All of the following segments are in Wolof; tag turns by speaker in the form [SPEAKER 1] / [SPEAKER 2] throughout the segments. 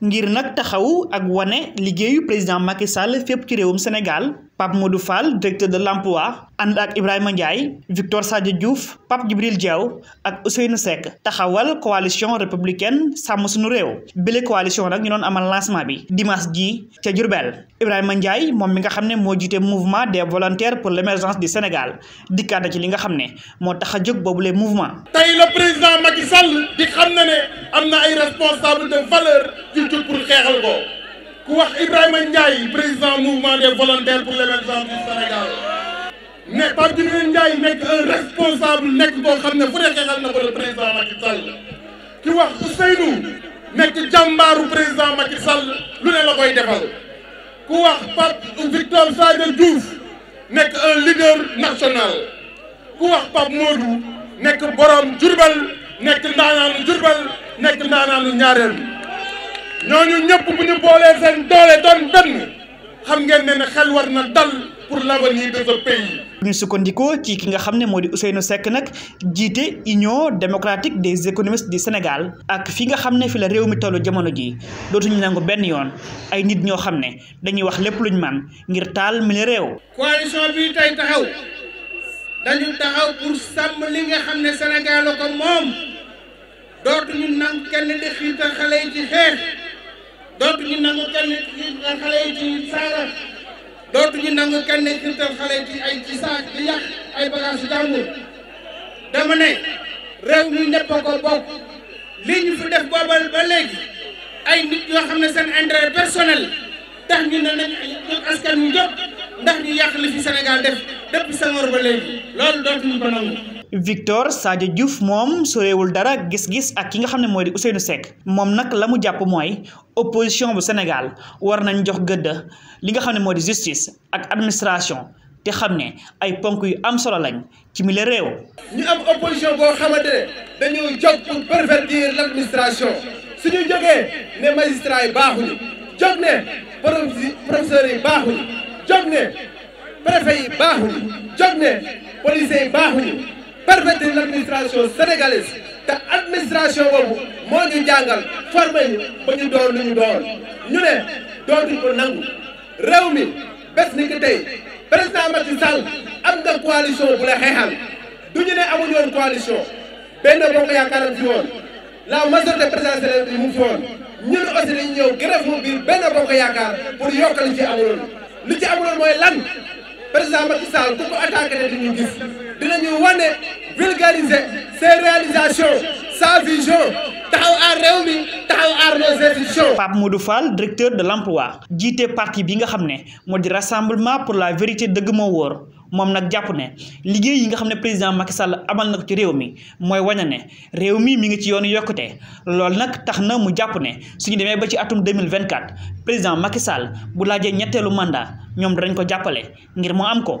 [SPEAKER 1] ngir nag taxaw ak wane liggéeyu président Macky Sall fépp ci réewum Sénégal Pape Modou Fall directeur de l'emploi ànd ak Ibrahima Ndiaye Victor Sadio Diouf Pape Djibril Diaw ak Ousseynou Seck taxawal coalition républicaine sàmm suñu réew bile coalition nag ñu doon amal lancement bi dimanche ji ca Diourbel Ibrahima Ndiaye moom mi nga xam ne moo jiite mouvement des volontaires pour l'émergence du Sénégal dikkaat na ci li nga xam ne moo tax a jóg boobule mouvement.
[SPEAKER 2] tey le président Macky Sall di xam na ne am culture pour le ku wax Ibrahima Ndiaye président mouvement des volontaires pour l'émergence du Sénégal ne pas Ndiaye un responsable nek bo na ko président Macky ki wax Ousseynou nek Jambaru président Macky Sall la koy defal ku wax Victor Sadio Diouf un leader national ku wax Pap Modou nek borom ñooñu ñëpp bu ñu boolee seen doole doon benn xam ngeen ne ne xel war na dal pour l'avenir de ce pays.
[SPEAKER 1] ñu sukkandikoo ci ki nga xam ne moo di Ousseynou sekk nag jiite Union démocratique des économistes di senegal ak fi nga xam ne fi la réew mi tollu jamono jii dootuñu nangu benn yoon ay nit ñoo xam ne dañuy wax lépp luñ man ngir taal mi la réew.
[SPEAKER 3] coalition bi tey taxaw dañu taxaw pour sàmm li nga xam ne Sénégal ko moom dootuñu nangu kenn di xiital dootuñu nangu kenn xiirtal xale yi ci saara dootuñu nangu kenn xiirtal xale yi ci ay di yàq ay bagage jàmbur dama ne réew mi ñëpp ko bokk lii ñu fi def boobal ba léegi ay nit yoo xam ne seen intérêt personnel tax ñu ne nañ askan wi jóg ndax ñu yàq li fi senegal def depuis Senghor ba léegi loolu dootuñu ko nangu
[SPEAKER 1] Victor Sadio Diouf moom soreewul dara gis-gis ak ki nga xam ne mooy di Ousseynou Seck moom nag lamu jàpp mooy opposition bu Sénégal war nañ jox gëdd li nga xam ne moo di justice ak administration te xam ne ay ponk yu am solo lañ ci mi la réew. ñu am opposition boo
[SPEAKER 4] xamante ne dañoo jóg pour pervertir l' administration suñu jógee ne ne professeurs yi baaxuñu jóg ne préfet yi baaxuñu jóg ne policiers yi baaxuñu. pervertir l'administration ta te administration boobu moo ñu jàngal formé ñu ba ñu doon lu ñu doon ñu ne dootuñ ko nangu réew mi bés ni ki tey président Macky Sall am nga coalition bu la xeexal du ñu ne amuñu woon coalition benn bokk yaakaaram fi woon la majorité présidentielle bi mu fi woon ñun aussi dañu ñëw grève mu biir benn bokk yaakaar pour yokk li ci amuloon li ci amuloon mooy lan président Macky Sall ku ko attaqué ne di ñu gis dinañu wane vulgariser ses réalisations sa vision taxaw aar réew mi taxaw aar nos institutions.
[SPEAKER 1] Pape Modou parti bi nga xam ne moo di rassemblement pour la vérité dëgg moo wóor moom nag jàpp ne liggéey yi nga xam ne président Macky Sall amal na ko ci réew mi mooy waña ne réew mi mi ngi ci yoonu yokkute loolu nag tax na mu jàpp ne suñu demee ba ci atum 2024 président Macky Sall bu laajee ñetteelu mandat ñoom danañ ko jàppale ngir mu am ko.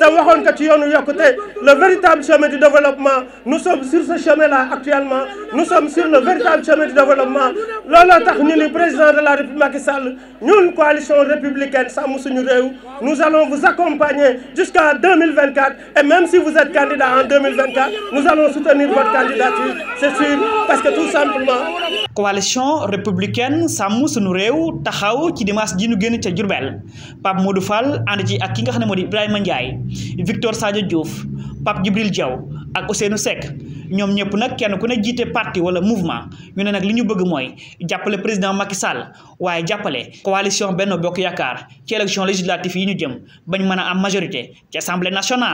[SPEAKER 5] le véritable chemin du développement nous sommes sur ce chemin là actuellement nous sommes sur le véritable chemin du développement Lola tax ñu président de la république Macky Nous, coalition républicaine nous allons vous accompagner jusqu'à 2024 et même si vous êtes candidat en 2024 nous allons soutenir votre candidature c'est sûr parce que tout simplement coalition
[SPEAKER 1] républicaine Samu suñu taxaw ci dimanche ñu Victor Sadio Diouf Pape Djibril Diaw ak Ousseynou sek. ñom ñëpp nak kenn ku ne parti wala mouvement ñu ne président Macky Sall waye jappalé coalition Benno Bokk Yaakaar ci élection législative yi ñu jëm bañ majorité ci assemblée nationale.